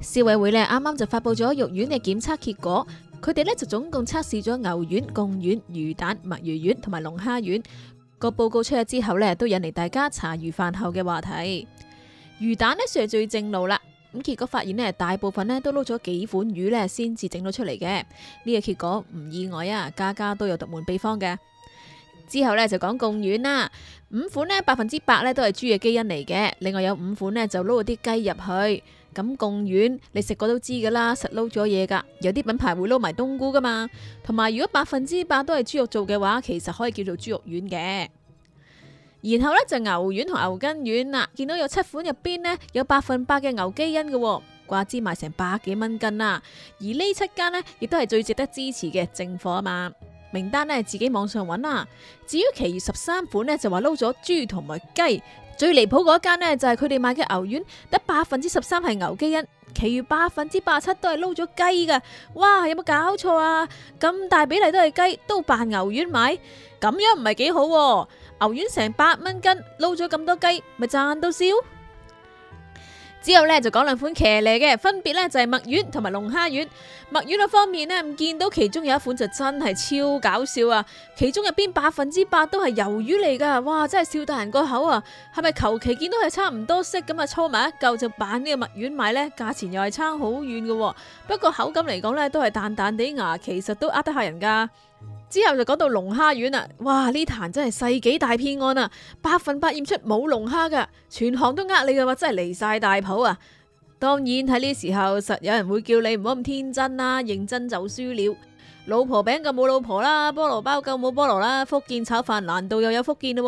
消委會呢啱啱就發布咗肉丸嘅檢測結果，佢哋呢就總共測試咗牛丸、貢丸、魚蛋、墨魚丸同埋龍蝦丸。個報告出咗之後呢，都引嚟大家茶餘飯後嘅話題。魚蛋呢，算係最正路啦，咁結果發現呢，大部分呢都撈咗幾款魚呢先至整到出嚟嘅。呢個結果唔意外啊，家家都有獨門秘方嘅。之後咧就講貢丸啦，五款呢，百分之百呢都係豬嘅基因嚟嘅，另外有五款呢，就撈咗啲雞入去。咁貢丸你食過都知噶啦，實撈咗嘢噶，有啲品牌會撈埋冬菇噶嘛。同埋如果百分之百都係豬肉做嘅話，其實可以叫做豬肉丸嘅。然後呢，就牛丸同牛筋丸啦，見到有七款入邊呢，有百分百嘅牛基因嘅，掛支賣成百幾蚊斤啦。而呢七間呢，亦都係最值得支持嘅正貨啊嘛。名單咧自己網上揾啦。至於其餘十三款咧，就話撈咗豬同埋雞。最離譜嗰一間咧，就係佢哋買嘅牛丸，得百分之十三係牛基因，其餘百分之八七都係撈咗雞噶。哇，有冇搞錯啊？咁大比例都係雞，都扮牛丸買，咁樣唔係幾好喎。牛丸成百蚊斤，撈咗咁多雞，咪賺到笑？之後咧就講兩款騎呢嘅，分別咧就係墨魚同埋龍蝦丸。墨魚嗰方面呢，唔見到其中有一款就真係超搞笑啊！其中入邊百分之百都係魷魚嚟噶，哇！真係笑到人個口啊！係咪求其見到係差唔多色咁啊？搓埋一嚿就扮呢個墨魚賣呢，價錢又係差好遠嘅。不過口感嚟講呢，都係彈彈啲牙，其實都呃得客人噶。之後就講到龍蝦丸啦，哇！呢壇真係世紀大騙案啊，百分百驗出冇龍蝦噶，全行都呃你嘅話，真係離晒大譜啊！當然喺呢時候實有人會叫你唔好咁天真啦，認真就輸了。老婆餅夠冇老婆啦，菠蘿包夠冇菠蘿啦，福建炒飯難道又有福建喎。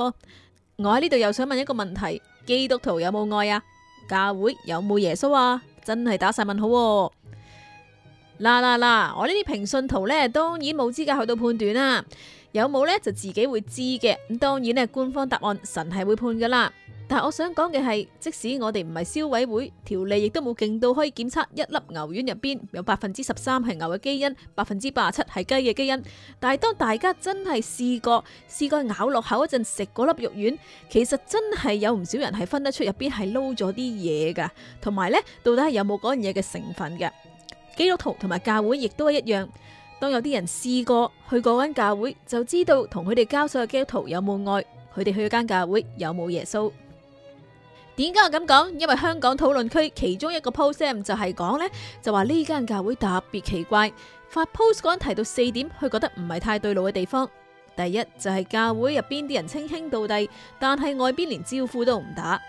我喺呢度又想問一個問題：基督徒有冇愛啊？教會有冇耶穌啊？真係打晒問號。嗱嗱嗱！我呢啲評論圖咧，當然冇資格去到判斷啦，有冇咧就自己會知嘅。咁當然咧，官方答案神係會判噶啦。但係我想講嘅係，即使我哋唔係消委會，條例亦都冇勁到可以檢測一粒牛丸入邊有百分之十三係牛嘅基因，百分之八十七係雞嘅基因。但係當大家真係試過試過咬落口嗰陣，食嗰粒肉丸，其實真係有唔少人係分得出入邊係撈咗啲嘢噶，同埋咧到底係有冇嗰樣嘢嘅成分嘅。基督徒同埋教會亦都係一樣，當有啲人試過去嗰間教會，就知道同佢哋交手嘅基督徒有冇愛，佢哋去嗰間教會有冇耶穌。點解我咁講？因為香港討論區其中一個 post m 就係講咧，就話呢間教會特別奇怪。發 post 嗰人提到四點，佢覺得唔係太對路嘅地方。第一就係、是、教會入邊啲人稱兄道弟，但係外邊連招呼都唔打。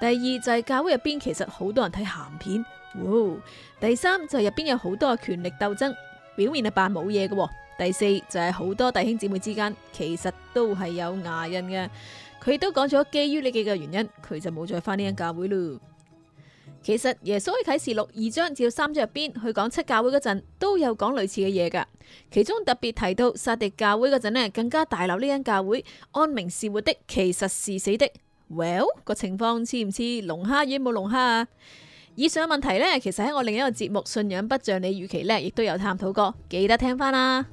第二就係、是、教會入邊其實好多人睇鹹片。哦、第三就係入邊有好多嘅權力鬥爭，表面係扮冇嘢嘅。第四就係、是、好多弟兄姊妹之間，其實都係有牙印嘅。佢都講咗基於呢幾個原因，佢就冇再返呢間教會咯。其實耶穌喺啟示錄二章至到三章入邊去講七教會嗰陣，都有講類似嘅嘢噶。其中特別提到撒狄教會嗰陣咧，更加大鬧呢間教會，按名是活的，其實是死的。Well 個情況似唔似龍蝦園？有冇龍蝦啊？以上嘅問題呢，其實喺我另一個節目《信仰不像你預期》呢，亦都有探討過，記得聽返啦。